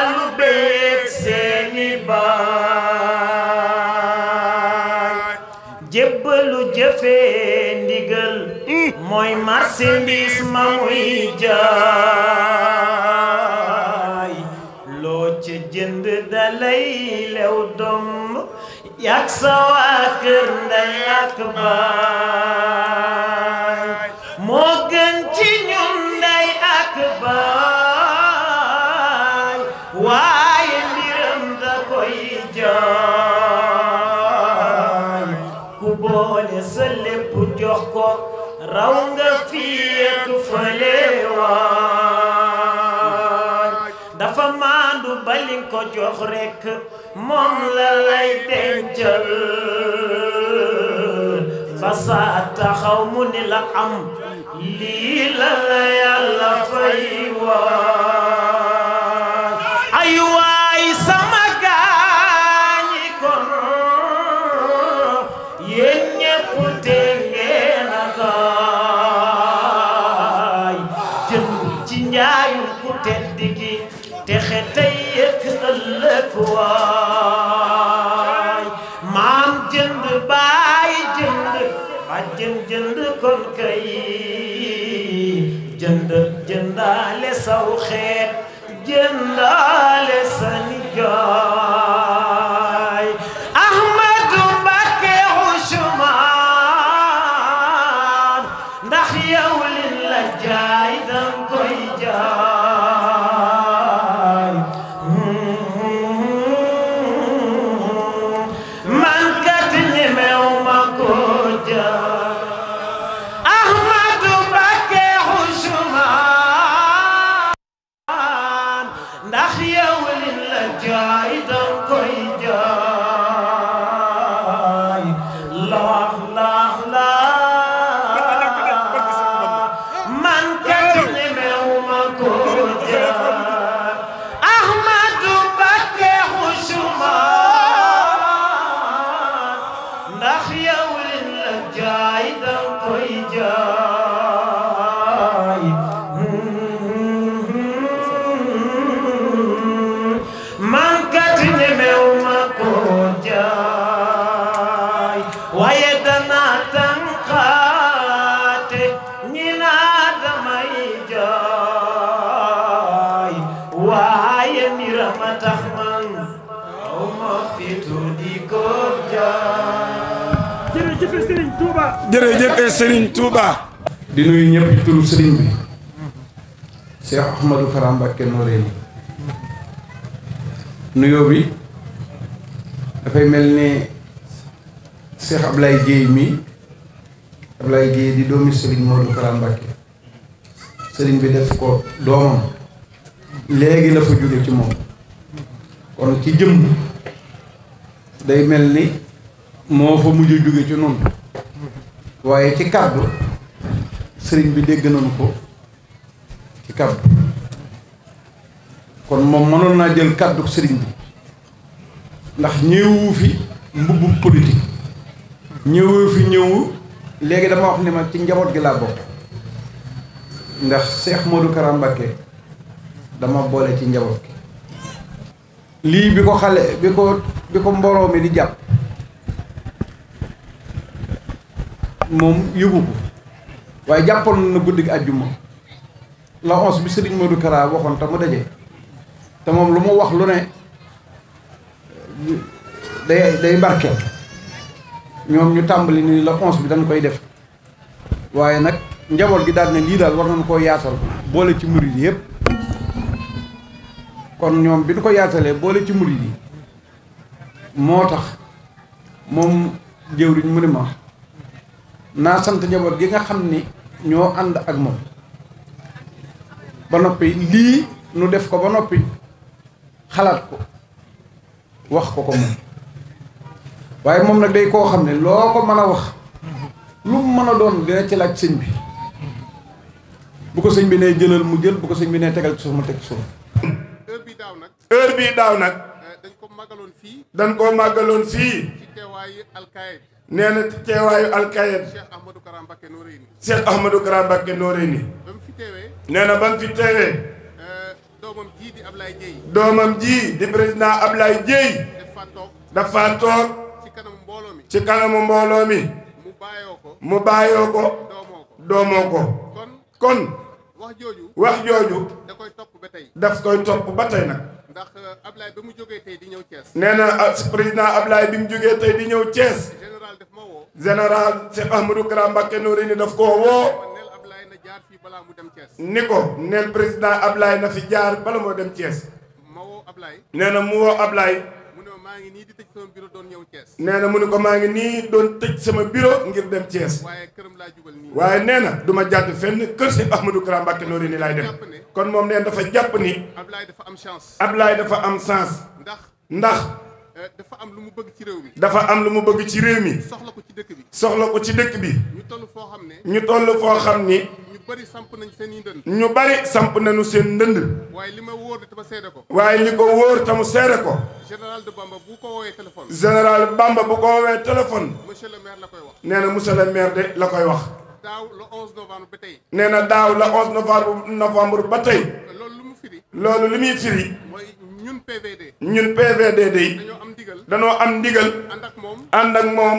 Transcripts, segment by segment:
ahlu beyt seeni jébbalu jëfee ndigal mooy marchandise ma muy jaay loo ca jënd dalay lew doom yak waa kër ndey ak baay ba li nga ko jox rekk moom la lay dencal ba saa taxaw ni la am lii la la yàlla fay waa jënd jëndaale saw xeet jëndaale sa nijaay jëf Serigne Touba. jërëjëf eh, Serigne Touba. di nuyu ñëpp ci turu Serigne bi. Cheikh Ahmadou Kara Mbacké Noreyni. nuyoo bi dafay mel ni Cheikh lay Guèye mi lay Guèye di doomi Serigne Modou Kara Mbacké bi def ko doomam léegi la fa jóge ci moom kon ci jëm day mel ni. moo fa mujj jóge ci noonu waaye ci kàddu sëriñ bi dégg nañu ko ci kàddu kon moom mënoon naa jël kàddu sëriñ bi ndax ñëwu fi mbubb politique ñëwu fi ñëwu léegi dama wax ni ma ci njaboot gi laa bokk ndax Cheikh Modou Kara Mbacké dama boole ci njaboot gi lii bi ko xale bi ko bi ko mbooloo mi di jàpp moom yóbbu ko waaye jàppoon na guddi gi àjjuma la onze bi Serigne Modou Kara waxoon te mu daje te moom lu mu wax lu ne day day barkeel ñoom ñu tàmbali ni la onze bi dañ koy def waaye nag njaboot gi daal ne lii daal war nañu koo yaasal boole ci murid yi yëpp kon ñoom bi ñu ko yaasalee boole ci murid yi moo tax moom jëwriñ mu ne ma naa sant njaboot gi nga xam ni ñoo ànd ak moom ba noppi lii nu def ko ba noppi xalaat ko wax ko ko moom waaye moom nag day koo xam ne loo ko mën a wax lu mu mën a doon dina ci laaj sëñ bi bu ko sëñ bi nee jëlal mu jël bu ko sëñ bi nee tegal ci suuf mu teg ci suuf. heure bii daaw nag. heure bii daaw nag. Eh, dañ koo maggaloon fii. dañ koo màggaloon fii. ci teewaayu alkaayid. nee na teewaayu alkayet Cheikh Ahmadou Kara Mbacké Noreyni nee na ba mu fi teewee euh, doomam ji di Ablaye Dieye doomam ji di président Ablaye dafa toog ci kanamu mbooloo mi mu bàyyoo ko doomoo ko kon wax jooju wax jooju da koy topp ba tey daf koy topp ba tey nag ndax euh, Ablaye ba mu jógee di ñëw Thiès nee na euh, président Ablaye bi mu jógee tey di ñëw cees général Cheikh Ahmadou Kara Mbacké Nouré ni daf koo woo ni ko neel président Ablaye na fi jaar bala moo dem Thiès nee na mu woo Ablaye nee mu ne ko maa ngi nii doon tëj sama bureau ngir dem Thiès waaye nee na du ma jàdd fenn kër Cheikh Ahmadou Kara Mbacké Nouré ni laay dem kon moom nee dafa jàpp ni Ablaye dafa am chance ndax ndax Euh, dafa am lu mu bëgg ci réew mi. dafa am lu mu bëgg ci réew mi. soxla ko ci dëkk bi. soxla ko ci dëkk bi. ñu toll foo xam ne. ñu toll foo xam ni. ñu bari samp nañ seen i ndënd. ñu bari samp nañu seen ndënd. waaye li ma wóor te ma ko. waaye li ko wóor te mu seede ko. général de Bamba bu ko woowee téléphone. général Bamba bu ko woowee téléphone. monsieur le maire la koy wax. nee na monsieur le maire de la koy wax. daaw le 11 novembre nee na daaw le 11 novembre ba tey. loolu li muy firi. ñun PVD. ñun PVD day dañoo am ndigal ànd ak moom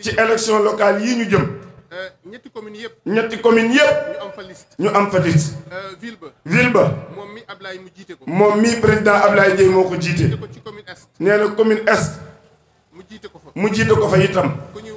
ci élection locale yi ñu jëm. Euh, ñetti communes yëpp. ñetti communes yëpp. ñu am fa liste. ñu am fa liste. Euh, ba. ville moom mi Ablaye mu jiite ko. moom mi président Ablaye Dieye moo ko jiite. nee na commune est. mu jiite ko fa mu jiite ko fa itam.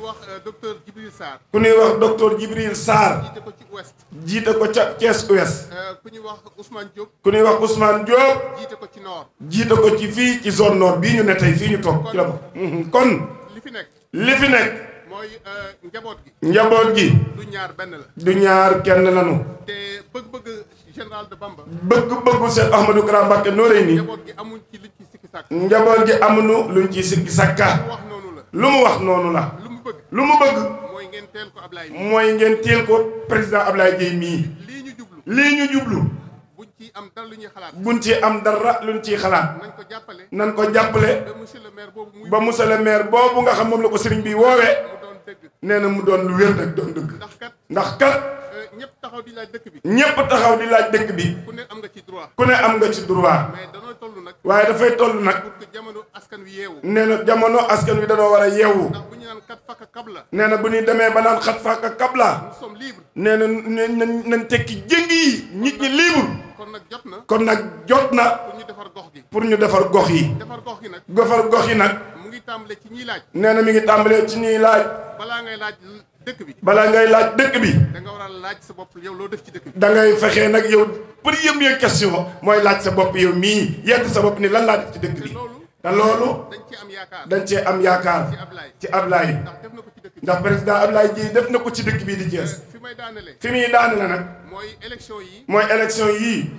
wax euh, docteur Djibril Sarr. ku ñuy wax docteur Djibril Sarr. jiite ko ci ouest. jiite ko ca Thiès ouest. Euh, ku ñuy wax usmaan Diop. ku ñuy wax Ousmane Diop. jiite ko ci nord. jiite ko ci fii ci zone nord bii ñu ne fii ñu toog ci la ko. Mhm. kon li fi nekk. li fi nekk. mooy euh, njaboot gi. njaboot gi. du ñaar benn la. du ñaar kenn lanu. te bëgg-bëgg général bëgg-bëggu Cheikh Ahmadou Kara Mbacké nooree nii. njaboot gi amuñ ci luñ ci sikki sàkka. njaboot gi amuñu luñ ci sikki sàkka. lu mu wax noonu la. bëgg lu mu bëgg mooy ngeen teel ko Ablaye mooy ngeen teel ko président Ablaye Dieye mii lii ñu jublu lii ñu jublu buñ ci am dara lu ñuy xalaat buñ ci am dara luñ ciy xalaat nañ ko jàppale nañ ko jàppale ba monsieur le maire boobu ba monsieur le maire boobu nga xam moom la ko sëriñ bi woowee nee na mu doon lu wér nag doon dëgg ndax kat euh, ñëpp taxaw di laaj dëkk bi ñëpp taxaw di laaj dëkk bi ku ne am nga ci droit ku am waaye dafay toll nag nee na jamono askan wi danoo war a yeewu nee na bu ñuy demee ba naan xat fàkka kabla nee na nañ na tekki jëng yi nit ñi libre kon nag jot na pour ñu defar gox yi defar gox yi nag. mu ngi tàmbalee ci ñuy laaj. nee na mi ngi tàmbalee ci ñuy laaj. balaa ngay laaj dëkk bi. balaa ngay laaj dëkk bi. da war a laaj sa bopp yow loo def ci dëkk bi. da ngay fexe nag yow première question mooy laaj sa bopp yow mii yett sa bopp ni lan laa def ci dëkk bi. te loolu dañ cee am yaakaar ci Ablaye ndax président Ablaye ji def na ko ci dëkk bii di Thiès fi muy daane la nag mooy élection yii.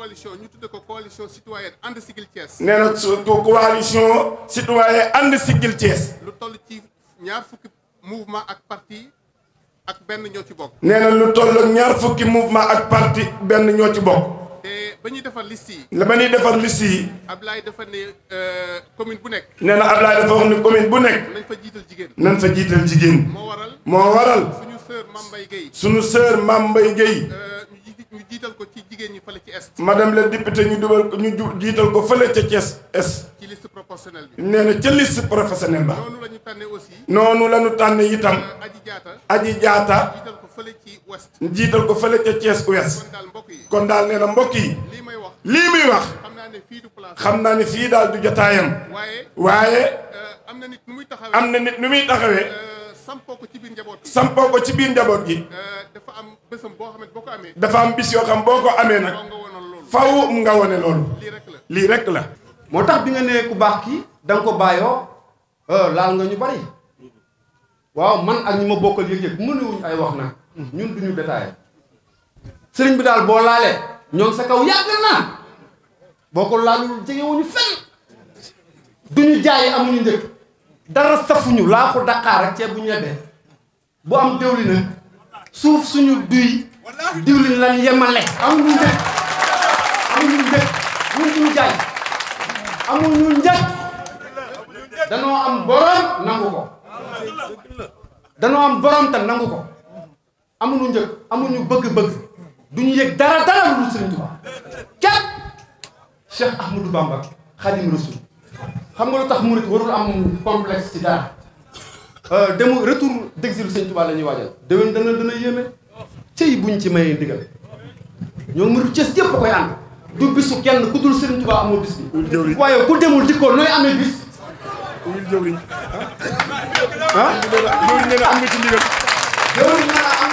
coalition ñu tudde ko coalition citoyenne ànd sigil Thiès. nee na su ko coalition citoyenne ànd sigil Thiès. lu toll ci ñaar fukki mouvement ak parti ak benn ñoo ci bokk. nee na lu toll ñaar fukki mouvement ak benn ñoo ci bokk. ba ñuy defar liste yi. la ba ñuy defar liste yi. Ablaye dafa ne euh, commune bu nekk. nee na Ablaye dafa wax ne commune bu nekk. nañ fa jiital jigéen. nañ fa jiital jigéen. moo waral moo waral. suñu sœur Mame Mbaye ñu jiital ko ci jigéen ñi fële ci est. madame la députée ñu dugal ko ñu jiital ko fële ca Thiès est. ci liste bi. nee na ca liste professionnelle ba. noonu la ñu tànnee aussi. noonu la ñu tànnee itam. Euh, aji jaata aji jaata. jiital ko fa ci ouest. jiital ko fële ca Thiès ouest. kon daal mbokk yi. kon daal nee na mbokk yi. lii may wax lii muy xam naa ne fii du place. xam naa ne fii daal du jotaayam. waaye. waaye. Euh, am na nit nu muy taxawee na muy taxawee. Euh, sampoo ko ci biir njaboot gi. ci biir njaboot gi. Eh, dafa am bésam boo boo ko amee. dafa am bis yoo xam boo ko amee nag. faw nga wane loolu. lii rek la lii rek la. moo tax bi nga nee ku baax ki danga ko bàyyi bàyyoo eh, laal nga ñu bari waaw man ak ñu ma bokkal yëg ni wuñ ay wax na ñun duñu détaillé sëriñ bi daal boo laalee ñoom sa kaw yàgg naa boo ko laalul jegewuñu fenn duñu jaay amuñu njëkk dara safuñu laa ko daqaar ak ceeb bu ñu yebbee bu am diwlin suuf suñu duy diwlin lañ yemale amuñu njëg amuñu njëg danoo am borom nangu ko danoo am borom te nangu ko amuñu njëg amuñu bëgg-bëgg duñu yëg dara dara lu Sëriñ Tuubaa képp Cheikh Ahmadou Bamba Xaadimu Rasuul xam nga lu tax mu murit warul am complexe ci dara euh, dem retour d'exil Sëñ Tuubaa la ñuy waajal déwén dana dana yéeme cëy buñ ci mayee ndigal ñoo murit Cees yëpp koy ànd du bisu kenn ku dul Sëñ am amoo bis bi waaye ku demul dikkoo nooy amee bis wul jëwriñ ah? ah? am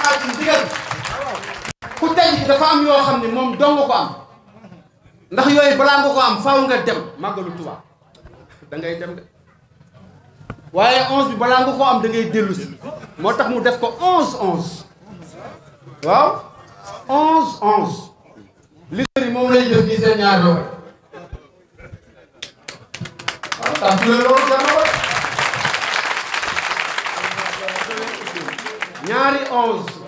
nga ci ku tey dafa am yoo xam ne moom dong ko am ndax yooyu balaa nga ko am faaw nga dem màggalu Tuubaa da ngay dem de waaye onze bi balaa nga koo am da ngay moo tax mu def ko onze onze waaw onze onze litre moom lay jël nii seen ñaari onze